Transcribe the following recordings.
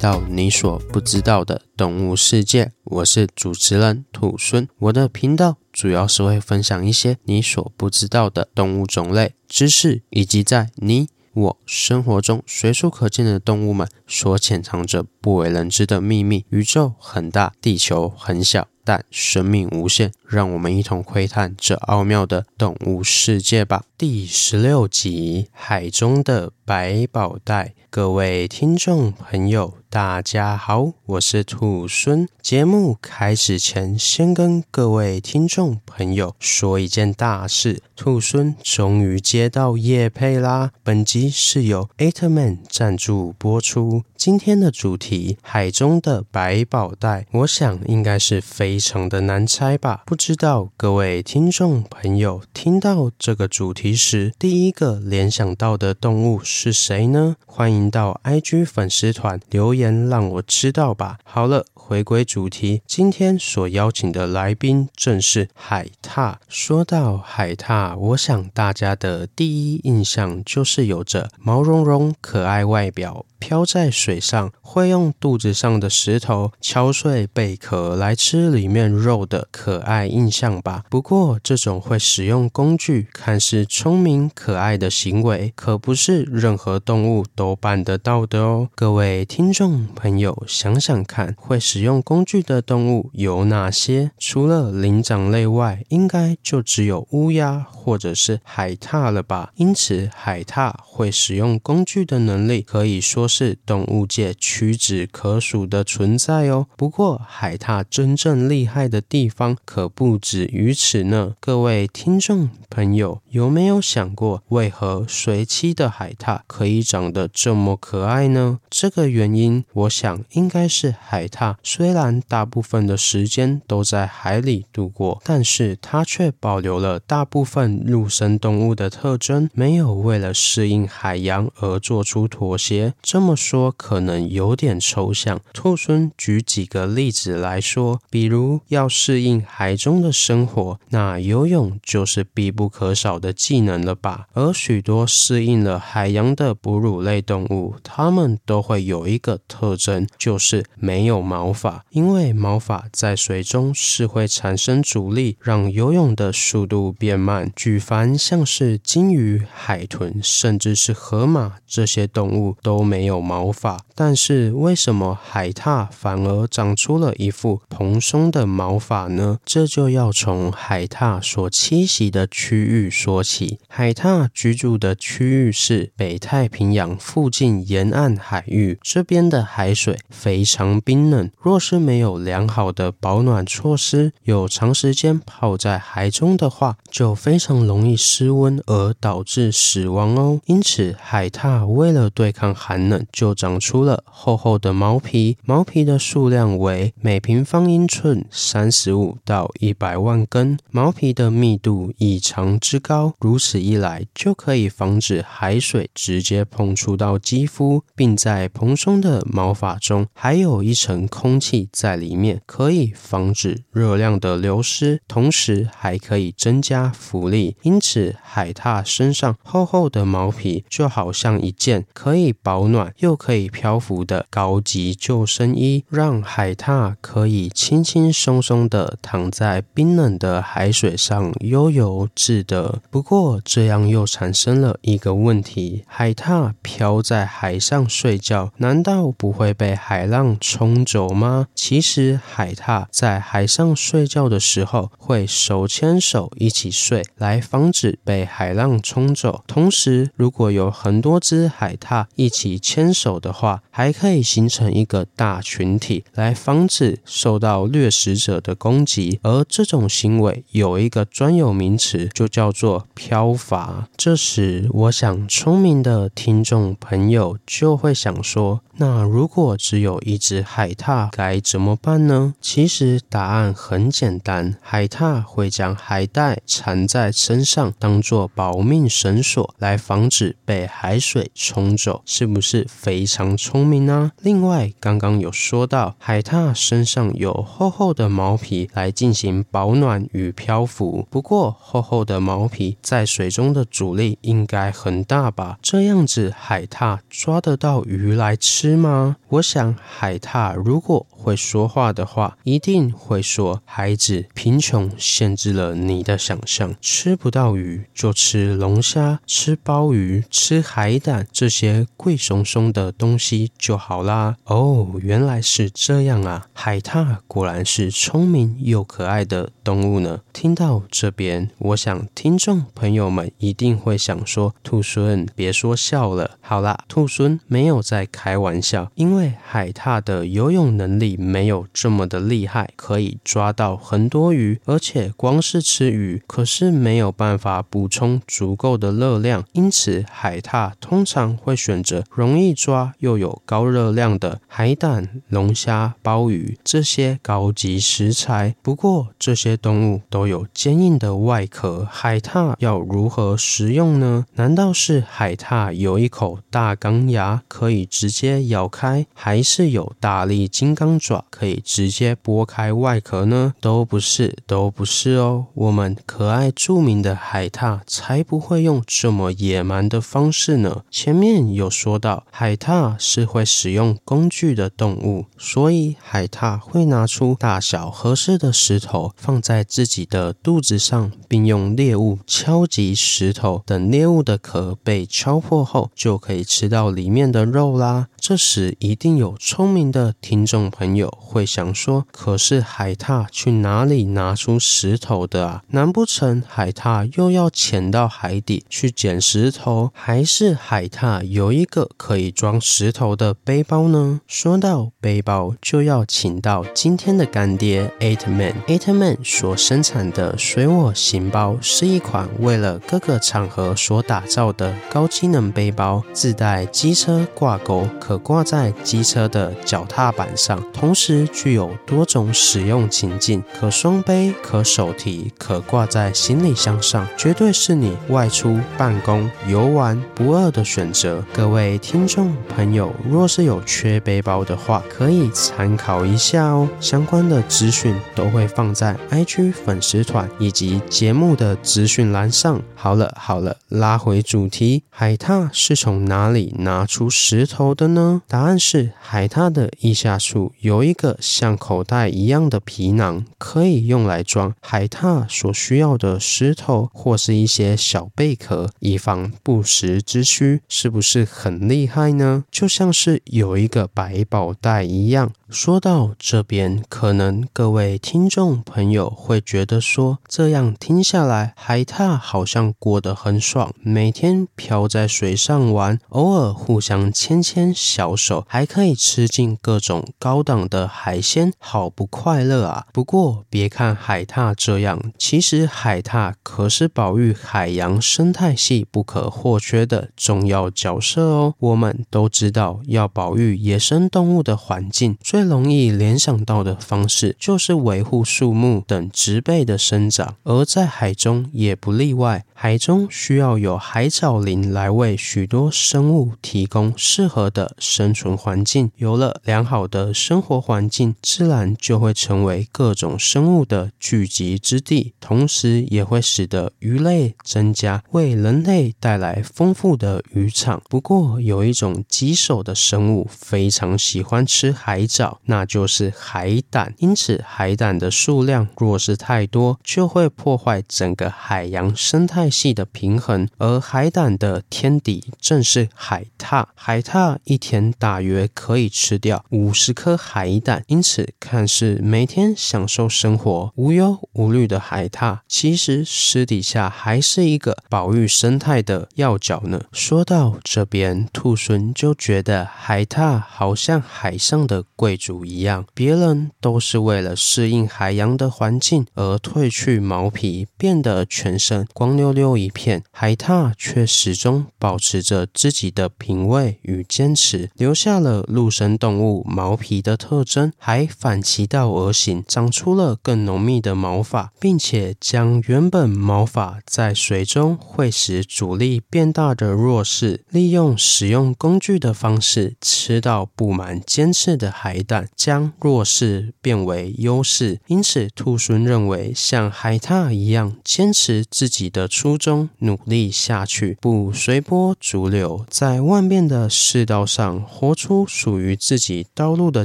到你所不知道的動物世界，我是主持人兔猻。我的頻道主要是會分享一些你所不知道的動物種類知識，以及在你我生活中隨處可見的動物們所潛藏着不為人知的秘密。宇宙很大，地球很小。但生命無限，讓我們一同窺探這奧妙的動物世界吧。第十六集《海中的百寶袋》。各位聽眾朋友，大家好，我是兔猻。節目開始前，先跟各位聽眾朋友說一件大事：兔猻終於接到業配啦。本集是由 atman 贊助播出。今天的主題《海中的百寶袋》，我想應該是非。非常的難猜吧？不知道各位聽眾朋友聽到這個主題時，第一個聯想到的動物是誰呢？歡迎到 IG 粉絲團留言讓我知道吧。好了，回歸主題，今天所邀請的來賓正是海獺。說到海獺，我想大家的第一印象就是有着毛茸茸、可愛外表，漂在水上，會用肚子上的石頭敲碎貝殼來吃裡面肉的可愛印象吧。不過，這種會使用工具、看似聰明可愛的行為，可不是任何動物都辦得到的哦。各位聽眾朋友，想想看，會使用工具的動物有哪些？除了靈長類外，應該就只有烏鴉或者是海獺了吧。因此，海獺會使用工具的能力，可以說，是動物界屈指可數的存在哦。不過海獺真正厲害的地方可不止於此呢。各位聽眾朋友，有沒有想過為何水棲的海獺可以長得這麼可愛呢？這個原因，我想應該是海獺雖然大部分的時間都在海裡度過，但是它卻保留了大部分陸生動物的特徵，沒有為了適應海洋而做出妥協。這麼說可能有點抽象，兔猻舉幾個例子來說，比如要適應海中的生活，那游泳就是必不可少的技能了吧？而許多適應了海洋的哺乳類動物，它們都會有一個特徵，就是沒有毛髮，因為毛髮在水中是會產生阻力，讓游泳的速度變慢。舉凡像是鯨魚、海豚，甚至是河馬這些動物都沒有。有毛髮。但是為什麼海獺反而長出了一副蓬鬆的毛髮呢？這就要從海獺所棲息的區域說起。海獺居住的區域是北太平洋附近沿岸海域，這邊的海水非常冰冷。若是沒有良好的保暖措施，有長時間泡在海中的話，就非常容易失溫而導致死亡哦。因此，海獺為了對抗寒冷，就長出了。厚厚的毛皮，毛皮的數量為每平方英寸三十五到一百萬根，毛皮的密度異常之高，如此一來就可以防止海水直接碰觸到肌膚，並在蓬鬆的毛髮中還有一層空氣在裡面，可以防止熱量的流失，同時還可以增加浮力。因此，海獺身上厚厚的毛皮就好像一件可以保暖又可以漂。服的高級救生衣，讓海獺可以輕輕鬆鬆的躺在冰冷的海水上悠游自得。不過這樣又產生了一個問題：海獺漂在海上睡覺，難道不會被海浪沖走嗎？其實海獺在海上睡覺的時候，會手牽手一起睡，來防止被海浪沖走。同時，如果有很多隻海獺一起牽手的話，還可以形成一個大群體，來防止受到掠食者的攻擊，而這種行為有一個專有名詞，就叫做漂筏。這時，我想聰明的聽眾朋友就會想說：那如果只有一只海獺該怎麼辦呢？其實答案很簡單，海獺會將海帶纏在身上，當作保命繩索來防止被海水沖走，是不是非常聰明？聰明呢。另外，剛剛有說到海獺身上有厚厚的毛皮來進行保暖與漂浮。不過，厚厚的毛皮在水中的阻力應該很大吧？這樣子，海獺抓得到魚來吃嗎？我想，海獺如果……會說話的話，一定會說：孩子，貧窮限制了你的想象，吃不到魚就吃龍蝦、吃鮑魚、吃海膽這些貴鬆鬆的東西就好啦。哦，原來是這樣啊！海獺果然是聰明又可愛的動物呢。聽到這邊，我想聽眾朋友們一定會想說：兔猻別說笑了。好啦，兔猻沒有在開玩笑，因為海獺的游泳能力。沒有這麼的厲害，可以抓到很多魚，而且光是吃魚可是沒有辦法補充足夠的熱量，因此海獺通常會選擇容易抓又有高熱量的海膽、龍蝦、鮑魚這些高級食材。不過這些動物都有堅硬的外殼，海獺要如何食用呢？難道是海獺有一口大鋼牙可以直接咬開，還是有大力金剛？爪可以直接剝開外殼呢？都不是，都不是哦。我們可愛著名的海獺才不會用這麼野蠻的方式呢。前面有說到，海獺是會使用工具的動物，所以海獺會拿出大小合適的石頭放在自己的肚子上，並用獵物敲擊石頭。等獵物的殼被敲破後，就可以吃到裡面的肉啦。這時一定有聰明的聽眾朋友友會想說，可是海獺去哪裡拿出石頭的啊？難不成海獺又要潛到海底去撿石頭，還是海獺有一個可以裝石頭的背包呢？說到背包，就要請到今天的乾爹 atman。atman 所生產的隨我行包是一款為了各個場合所打造的高機能背包，自帶機車掛鈎，可掛在機車的腳踏板上。同時具有多種使用情境，可雙背、可手提、可掛在行李箱上，絕對是你外出辦公、遊玩不二的選擇。各位聽眾朋友，若是有缺背包的話，可以參考一下哦。相關的資訊都會放在 IG 粉絲團以及節目的資訊欄上。好了好了，拉回主題，海獺是從哪裡拿出石頭的呢？答案是海獺的腋下處有，有一個像口袋一樣的皮囊，可以用來裝海獺所需要的石頭或是一些小貝殼，以防不時之需，是不是很厲害呢？就像是有一個百寶袋一樣。說到這邊，可能各位聽眾朋友會覺得說，這樣聽下來，海獺好像過得很爽，每天漂在水上玩，偶爾互相牽牽小手，還可以吃盡各種高檔的海鮮，好不快樂啊！不過，別看海獺這樣，其實海獺可是保育海洋生態系不可或缺的重要角色哦。我們都知道，要保育野生動物的環境，最容易聯想到的方式就是維護樹木等植被的生長，而在海中也不例外。海中需要有海藻林來為許多生物提供適合的生存環境。有了良好的生活環境，自然就會成為各種生物的聚集之地，同時也會使得魚類增加，為人類帶來豐富的漁場。不過，有一種棘手的生物非常喜歡吃海藻，那就是海膽。因此，海膽的數量若是太多，就會破壞整個海洋生態系的平衡，而海膽的天敵正是海獺。海獺一天大約可以吃掉五十顆海膽，因此看似每天享受生活、無憂無慮的海獺，其實私底下還是一個保育生態的要角呢。說到這邊，兔猻就覺得海獺好像海上的貴族一樣，別人都是為了適應海洋的環境而褪去毛皮，變得全身光溜溜。又一片海獺卻始終保持着自己的品味與堅持，留下了陸生動物毛皮的特徵，還反其道而行，長出了更濃密的毛髮，並且將原本毛髮在水中會使阻力變大的弱勢，利用使用工具的方式吃到布滿尖刺的海膽，將弱勢變為優勢。因此，兔猻認為像海獺一樣堅持自己的出。書中努力下去，不隨波逐流，在萬變的世道上，活出屬於自己道路的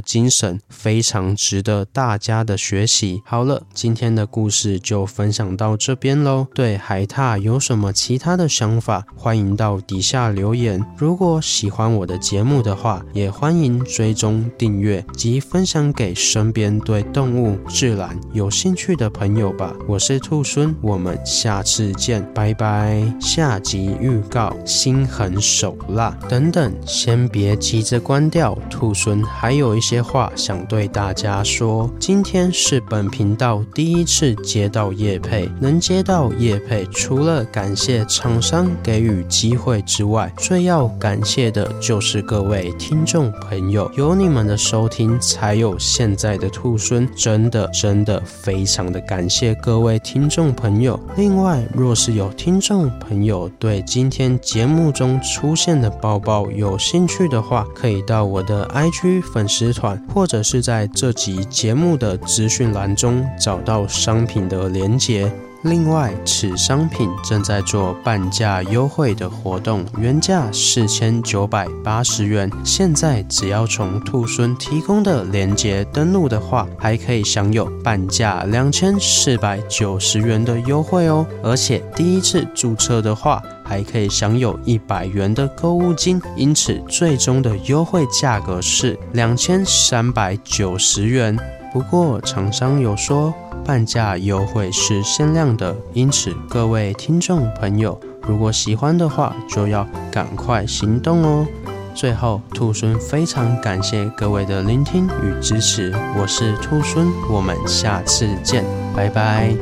精神，非常值得大家的學習。好了，今天的故事就分享到這邊嘍。對海獺有什麼其他的想法，歡迎到底下留言。如果喜歡我的節目的話，也歡迎追蹤訂閱及分享給身邊對動物、自然有興趣的朋友吧。我是兔猻，我們下次見。拜拜，下集預告，心狠手辣等等，先別急着關掉，兔猻還有一些話想對大家說。今天是本頻道第一次接到業配，能接到業配，除了感謝廠商給予機會之外，最要感謝的就是各位聽眾朋友，有你們的收聽，才有現在的兔猻，真的真的非常的感謝各位聽眾朋友。另外，若是有聽眾朋友對今天節目中出現的包包有興趣的話，可以到我的 IG 粉絲團，或者是在這集節目的資訊欄中找到商品的連結。另外，此商品正在做半價優惠的活動，原價四千九百八十元，現在只要從兔猻提供的鏈接登錄的話，還可以享有半價兩千四百九十元的優惠哦。而且第一次註冊的話。還可以享有一百元的購物金，因此最終的優惠價格是兩千三百九十元。不過廠商有說，半價優惠是限量的，因此各位聽眾朋友，如果喜歡的話，就要趕快行動哦！最後，兔猻非常感謝各位的聆聽與支持，我是兔猻，我們下次見，拜拜。